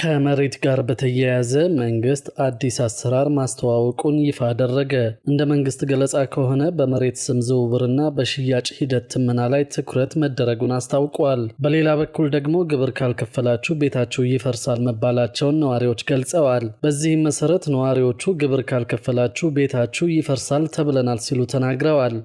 ከመሬት ጋር በተያያዘ መንግስት አዲስ አሰራር ማስተዋወቁን ይፋ አደረገ። እንደ መንግስት ገለጻ ከሆነ በመሬት ስም ዝውውርና በሽያጭ ሂደት ትመና ላይ ትኩረት መደረጉን አስታውቋል። በሌላ በኩል ደግሞ ግብር ካልከፈላችሁ ቤታችሁ ይፈርሳል መባላቸውን ነዋሪዎች ገልጸዋል። በዚህም መሰረት ነዋሪዎቹ ግብር ካልከፈላችሁ ቤታችሁ ይፈርሳል ተብለናል ሲሉ ተናግረዋል።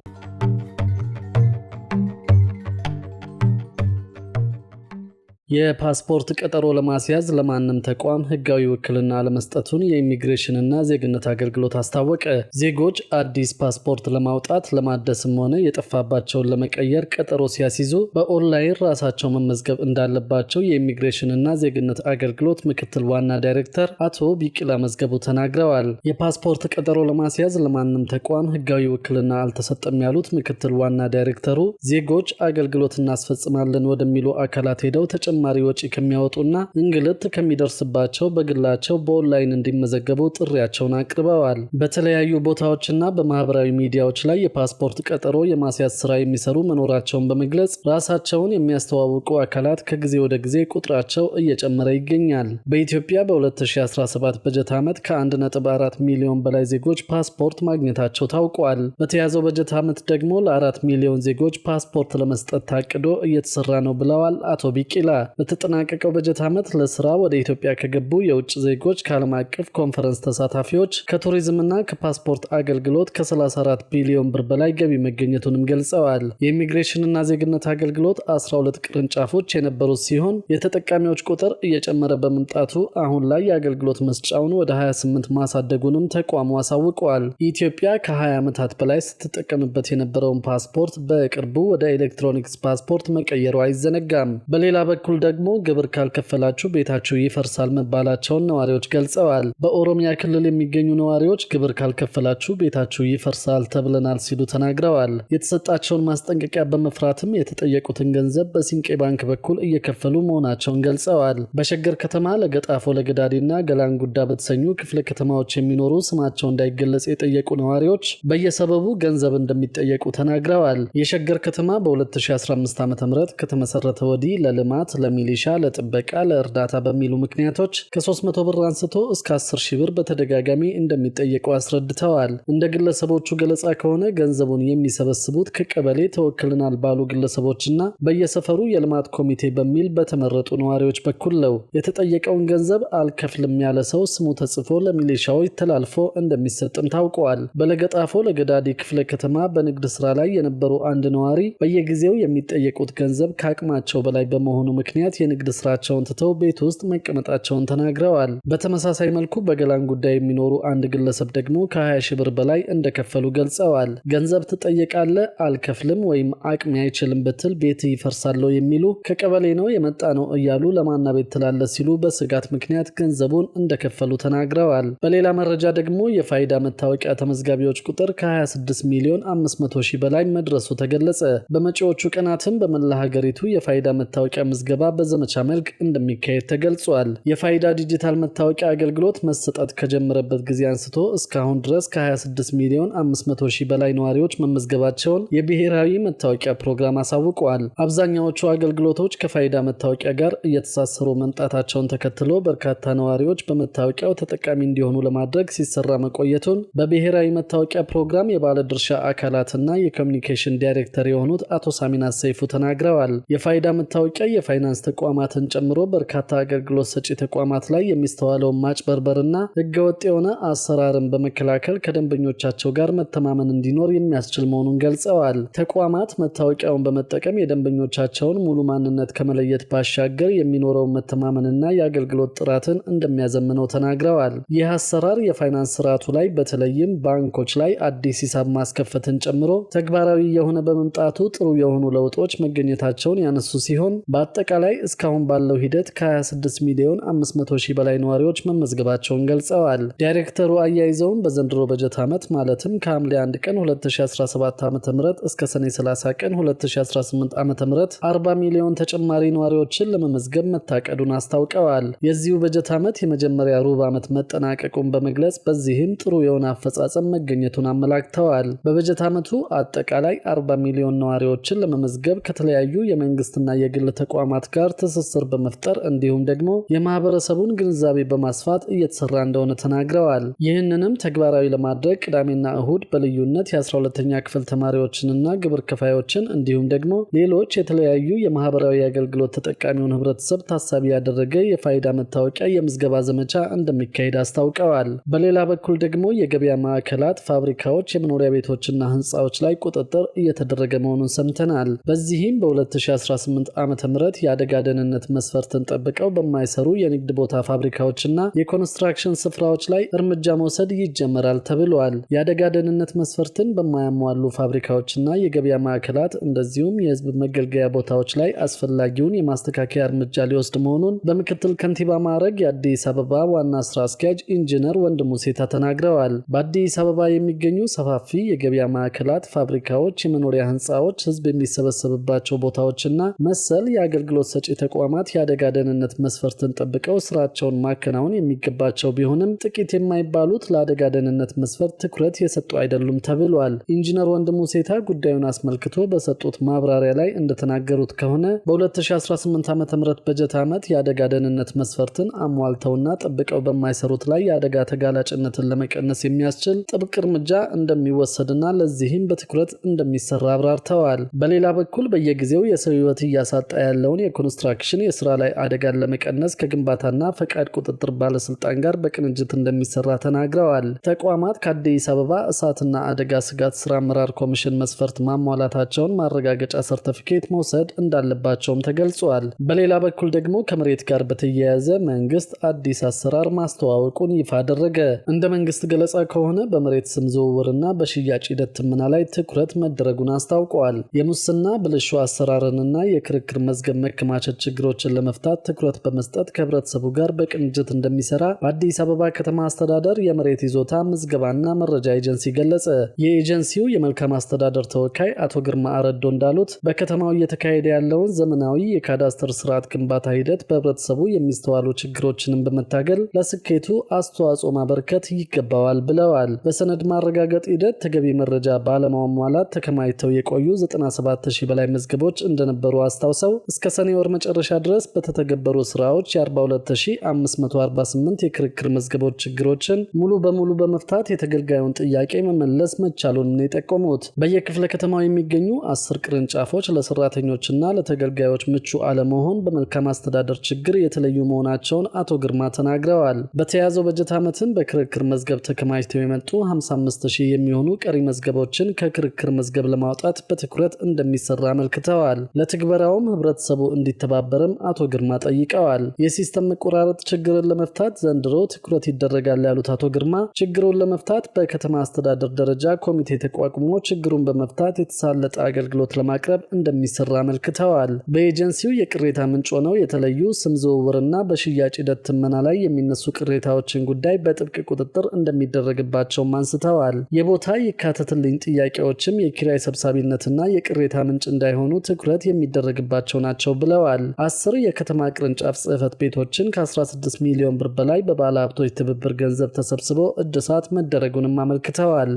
የፓስፖርት ቀጠሮ ለማስያዝ ለማንም ተቋም ህጋዊ ውክልና ለመስጠቱን የኢሚግሬሽንና ዜግነት አገልግሎት አስታወቀ። ዜጎች አዲስ ፓስፖርት ለማውጣት ለማደስም ሆነ የጠፋባቸውን ለመቀየር ቀጠሮ ሲያስይዙ በኦንላይን ራሳቸው መመዝገብ እንዳለባቸው የኢሚግሬሽንና ዜግነት አገልግሎት ምክትል ዋና ዳይሬክተር አቶ ቢቂላ መዝገቡ ተናግረዋል። የፓስፖርት ቀጠሮ ለማስያዝ ለማንም ተቋም ህጋዊ ውክልና አልተሰጠም ያሉት ምክትል ዋና ዳይሬክተሩ ዜጎች አገልግሎት እናስፈጽማለን ወደሚሉ አካላት ሄደው ተጨ ተጨማሪ ወጪ ከሚያወጡና እንግልት ከሚደርስባቸው በግላቸው በኦንላይን እንዲመዘገቡ ጥሪያቸውን አቅርበዋል። በተለያዩ ቦታዎችና በማህበራዊ ሚዲያዎች ላይ የፓስፖርት ቀጠሮ የማስያዝ ስራ የሚሰሩ መኖራቸውን በመግለጽ ራሳቸውን የሚያስተዋውቁ አካላት ከጊዜ ወደ ጊዜ ቁጥራቸው እየጨመረ ይገኛል። በኢትዮጵያ በ2017 በጀት ዓመት ከ1.4 ሚሊዮን በላይ ዜጎች ፓስፖርት ማግኘታቸው ታውቋል። በተያዘው በጀት ዓመት ደግሞ ለአራት ሚሊዮን ዜጎች ፓስፖርት ለመስጠት ታቅዶ እየተሰራ ነው ብለዋል አቶ ቢቂላ። በተጠናቀቀው በጀት ዓመት ለስራ ወደ ኢትዮጵያ ከገቡ የውጭ ዜጎች ከዓለም አቀፍ ኮንፈረንስ ተሳታፊዎች ከቱሪዝምና ከፓስፖርት አገልግሎት ከ34 ቢሊዮን ብር በላይ ገቢ መገኘቱንም ገልጸዋል። የኢሚግሬሽንና ዜግነት አገልግሎት 12 ቅርንጫፎች የነበሩት ሲሆን የተጠቃሚዎች ቁጥር እየጨመረ በመምጣቱ አሁን ላይ የአገልግሎት መስጫውን ወደ 28 ማሳደጉንም ተቋሙ አሳውቀዋል። ኢትዮጵያ ከ20 ዓመታት በላይ ስትጠቀምበት የነበረውን ፓስፖርት በቅርቡ ወደ ኤሌክትሮኒክስ ፓስፖርት መቀየሩ አይዘነጋም። በሌላ በኩል በኩል ደግሞ ግብር ካልከፈላችሁ ቤታችሁ ይፈርሳል መባላቸውን ነዋሪዎች ገልጸዋል። በኦሮሚያ ክልል የሚገኙ ነዋሪዎች ግብር ካልከፈላችሁ ቤታችሁ ይፈርሳል ተብለናል ሲሉ ተናግረዋል። የተሰጣቸውን ማስጠንቀቂያ በመፍራትም የተጠየቁትን ገንዘብ በሲንቄ ባንክ በኩል እየከፈሉ መሆናቸውን ገልጸዋል። በሸገር ከተማ ለገጣፎ ለገዳዲ ገላን ገላንጉዳ በተሰኙ ክፍለ ከተማዎች የሚኖሩ ስማቸው እንዳይገለጽ የጠየቁ ነዋሪዎች በየሰበቡ ገንዘብ እንደሚጠየቁ ተናግረዋል። የሸገር ከተማ በ2015 ዓ ም ከተመሰረተ ወዲህ ለልማት ለሚሊሻ፣ ለጥበቃ፣ ለእርዳታ በሚሉ ምክንያቶች ከ300 ብር አንስቶ እስከ 10 ሺህ ብር በተደጋጋሚ እንደሚጠየቁ አስረድተዋል። እንደ ግለሰቦቹ ገለጻ ከሆነ ገንዘቡን የሚሰበስቡት ከቀበሌ ተወክልናል ባሉ ግለሰቦችና በየሰፈሩ የልማት ኮሚቴ በሚል በተመረጡ ነዋሪዎች በኩል ነው። የተጠየቀውን ገንዘብ አልከፍልም ያለ ሰው ስሙ ተጽፎ ለሚሊሻዎች ተላልፎ እንደሚሰጥም ታውቀዋል። በለገጣፎ ለገዳዲ ክፍለ ከተማ በንግድ ስራ ላይ የነበሩ አንድ ነዋሪ በየጊዜው የሚጠየቁት ገንዘብ ከአቅማቸው በላይ በመሆኑ ምክንያት ምክንያት የንግድ ስራቸውን ትተው ቤት ውስጥ መቀመጣቸውን ተናግረዋል። በተመሳሳይ መልኩ በገላን ጉዳይ የሚኖሩ አንድ ግለሰብ ደግሞ ከ20 ሺህ ብር በላይ እንደከፈሉ ገልጸዋል። ገንዘብ ትጠየቃለ፣ አልከፍልም ወይም አቅሜ አይችልም ብትል ቤት ይፈርሳለሁ የሚሉ ከቀበሌ ነው የመጣ ነው እያሉ ለማና ቤት ትላለ ሲሉ በስጋት ምክንያት ገንዘቡን እንደከፈሉ ተናግረዋል። በሌላ መረጃ ደግሞ የፋይዳ መታወቂያ ተመዝጋቢዎች ቁጥር ከ26 ሚሊዮን 500 ሺህ በላይ መድረሱ ተገለጸ። በመጪዎቹ ቀናትም በመላ ሀገሪቱ የፋይዳ መታወቂያ ምዝገባ በዘመቻ መልክ እንደሚካሄድ ተገልጿል። የፋይዳ ዲጂታል መታወቂያ አገልግሎት መሰጠት ከጀመረበት ጊዜ አንስቶ እስካሁን ድረስ ከ26 ሚሊዮን 500 ሺህ በላይ ነዋሪዎች መመዝገባቸውን የብሔራዊ መታወቂያ ፕሮግራም አሳውቀዋል። አብዛኛዎቹ አገልግሎቶች ከፋይዳ መታወቂያ ጋር እየተሳሰሩ መምጣታቸውን ተከትሎ በርካታ ነዋሪዎች በመታወቂያው ተጠቃሚ እንዲሆኑ ለማድረግ ሲሰራ መቆየቱን በብሔራዊ መታወቂያ ፕሮግራም የባለ ድርሻ አካላትና የኮሚኒኬሽን ዳይሬክተር የሆኑት አቶ ሳሚናት ሰይፉ ተናግረዋል። የፋይዳ መታወቂያ የፋይናንስ የፋይናንስ ተቋማትን ጨምሮ በርካታ አገልግሎት ሰጪ ተቋማት ላይ የሚስተዋለውን ማጭበርበርና ህገወጥ የሆነ አሰራርን በመከላከል ከደንበኞቻቸው ጋር መተማመን እንዲኖር የሚያስችል መሆኑን ገልጸዋል። ተቋማት መታወቂያውን በመጠቀም የደንበኞቻቸውን ሙሉ ማንነት ከመለየት ባሻገር የሚኖረውን መተማመንና የአገልግሎት ጥራትን እንደሚያዘምነው ተናግረዋል። ይህ አሰራር የፋይናንስ ስርዓቱ ላይ በተለይም ባንኮች ላይ አዲስ ሂሳብ ማስከፈትን ጨምሮ ተግባራዊ የሆነ በመምጣቱ ጥሩ የሆኑ ለውጦች መገኘታቸውን ያነሱ ሲሆን በአጠቃላይ በአጠቃላይ እስካሁን ባለው ሂደት ከ26 ሚሊዮን 500 ሺህ በላይ ነዋሪዎች መመዝገባቸውን ገልጸዋል። ዳይሬክተሩ አያይዘውም በዘንድሮ በጀት ዓመት ማለትም ከሐምሌ 1 ቀን 2017 ዓ ም እስከ ሰኔ 30 ቀን 2018 ዓ ም 40 ሚሊዮን ተጨማሪ ነዋሪዎችን ለመመዝገብ መታቀዱን አስታውቀዋል። የዚሁ በጀት ዓመት የመጀመሪያ ሩብ ዓመት መጠናቀቁን በመግለጽ በዚህም ጥሩ የሆነ አፈጻጸም መገኘቱን አመላክተዋል። በበጀት ዓመቱ አጠቃላይ 40 ሚሊዮን ነዋሪዎችን ለመመዝገብ ከተለያዩ የመንግስትና የግል ተቋማት ተቋማት ጋር ትስስር በመፍጠር እንዲሁም ደግሞ የማህበረሰቡን ግንዛቤ በማስፋት እየተሰራ እንደሆነ ተናግረዋል። ይህንንም ተግባራዊ ለማድረግ ቅዳሜና እሁድ በልዩነት የ12ተኛ ክፍል ተማሪዎችንና ግብር ከፋዮችን እንዲሁም ደግሞ ሌሎች የተለያዩ የማህበራዊ አገልግሎት ተጠቃሚውን ህብረተሰብ ታሳቢ ያደረገ የፋይዳ መታወቂያ የምዝገባ ዘመቻ እንደሚካሄድ አስታውቀዋል። በሌላ በኩል ደግሞ የገበያ ማዕከላት፣ ፋብሪካዎች፣ የመኖሪያ ቤቶችና ህንፃዎች ላይ ቁጥጥር እየተደረገ መሆኑን ሰምተናል። በዚህም በ2018 ዓ ም የአደጋ ደህንነት መስፈርትን ጠብቀው በማይሰሩ የንግድ ቦታ ፋብሪካዎችና የኮንስትራክሽን ስፍራዎች ላይ እርምጃ መውሰድ ይጀመራል ተብሏል። የአደጋ ደህንነት መስፈርትን በማያሟሉ ፋብሪካዎችና የገበያ ማዕከላት እንደዚሁም የህዝብ መገልገያ ቦታዎች ላይ አስፈላጊውን የማስተካከያ እርምጃ ሊወስድ መሆኑን በምክትል ከንቲባ ማዕረግ የአዲስ አበባ ዋና ስራ አስኪያጅ ኢንጂነር ወንድሙ ሴታ ተናግረዋል። በአዲስ አበባ የሚገኙ ሰፋፊ የገበያ ማዕከላት፣ ፋብሪካዎች፣ የመኖሪያ ህንፃዎች፣ ህዝብ የሚሰበሰብባቸው ቦታዎችና መሰል የአገልግሎት አገልግሎት ሰጪ ተቋማት የአደጋ ደህንነት መስፈርትን ጠብቀው ስራቸውን ማከናወን የሚገባቸው ቢሆንም ጥቂት የማይባሉት ለአደጋ ደህንነት መስፈርት ትኩረት የሰጡ አይደሉም ተብሏል። ኢንጂነር ወንድሙ ሴታ ጉዳዩን አስመልክቶ በሰጡት ማብራሪያ ላይ እንደተናገሩት ከሆነ በ2018 ዓ ም በጀት ዓመት የአደጋ ደህንነት መስፈርትን አሟልተውና ጠብቀው በማይሰሩት ላይ የአደጋ ተጋላጭነትን ለመቀነስ የሚያስችል ጥብቅ እርምጃ እንደሚወሰድና ለዚህም በትኩረት እንደሚሰራ አብራርተዋል። በሌላ በኩል በየጊዜው የሰው ህይወት እያሳጣ ያለውን ኮንስትራክሽን የስራ ላይ አደጋን ለመቀነስ ከግንባታና ፈቃድ ቁጥጥር ባለስልጣን ጋር በቅንጅት እንደሚሰራ ተናግረዋል። ተቋማት ከአዲስ አበባ እሳትና አደጋ ስጋት ስራ አመራር ኮሚሽን መስፈርት ማሟላታቸውን ማረጋገጫ ሰርተፊኬት መውሰድ እንዳለባቸውም ተገልጿል። በሌላ በኩል ደግሞ ከመሬት ጋር በተያያዘ መንግስት አዲስ አሰራር ማስተዋወቁን ይፋ አደረገ። እንደ መንግስት ገለጻ ከሆነ በመሬት ስም ዝውውርና በሽያጭ ሂደት ትመና ላይ ትኩረት መደረጉን አስታውቀዋል። የሙስና ብልሹ አሰራርንና የክርክር መዝገብ መከ የማከማቸት ችግሮችን ለመፍታት ትኩረት በመስጠት ከህብረተሰቡ ጋር በቅንጅት እንደሚሰራ በአዲስ አበባ ከተማ አስተዳደር የመሬት ይዞታ ምዝገባና መረጃ ኤጀንሲ ገለጸ። የኤጀንሲው የመልካም አስተዳደር ተወካይ አቶ ግርማ አረዶ እንዳሉት በከተማው እየተካሄደ ያለውን ዘመናዊ የካዳስተር ስርዓት ግንባታ ሂደት በህብረተሰቡ የሚስተዋሉ ችግሮችንም በመታገል ለስኬቱ አስተዋጽኦ ማበርከት ይገባዋል ብለዋል። በሰነድ ማረጋገጥ ሂደት ተገቢ መረጃ ባለማሟላት ተከማይተው የቆዩ 97 ሺህ በላይ መዝገቦች እንደነበሩ አስታውሰው እስከ ሰኔ ወር መጨረሻ ድረስ በተተገበሩ ስራዎች የ42548 የክርክር መዝገቦች ችግሮችን ሙሉ በሙሉ በመፍታት የተገልጋዩን ጥያቄ መመለስ መቻሉን ነው የጠቆሙት። በየክፍለ ከተማው የሚገኙ አስር ቅርንጫፎች ለሰራተኞችና ለተገልጋዮች ምቹ አለመሆን በመልካም አስተዳደር ችግር የተለዩ መሆናቸውን አቶ ግርማ ተናግረዋል። በተያዘው በጀት ዓመትም በክርክር መዝገብ ተከማችተው የመጡ 55000 የሚሆኑ ቀሪ መዝገቦችን ከክርክር መዝገብ ለማውጣት በትኩረት እንደሚሰራ አመልክተዋል። ለትግበራውም ህብረተሰቡ እንዲተባበርም አቶ ግርማ ጠይቀዋል። የሲስተም መቆራረጥ ችግርን ለመፍታት ዘንድሮ ትኩረት ይደረጋል ያሉት አቶ ግርማ ችግሩን ለመፍታት በከተማ አስተዳደር ደረጃ ኮሚቴ ተቋቁሞ ችግሩን በመፍታት የተሳለጠ አገልግሎት ለማቅረብ እንደሚሰራ አመልክተዋል። በኤጀንሲው የቅሬታ ምንጭ ሆነው የተለዩ ስም ዝውውርና በሽያጭ ሂደት ትመና ላይ የሚነሱ ቅሬታዎችን ጉዳይ በጥብቅ ቁጥጥር እንደሚደረግባቸውም አንስተዋል። የቦታ ይካተትልኝ ጥያቄዎችም የኪራይ ሰብሳቢነትና የቅሬታ ምንጭ እንዳይሆኑ ትኩረት የሚደረግባቸው ናቸው ብለው ብለዋል። አስር የከተማ ቅርንጫፍ ጽህፈት ቤቶችን ከ16 ሚሊዮን ብር በላይ በባለሀብቶች ትብብር ገንዘብ ተሰብስቦ እድሳት መደረጉንም አመልክተዋል።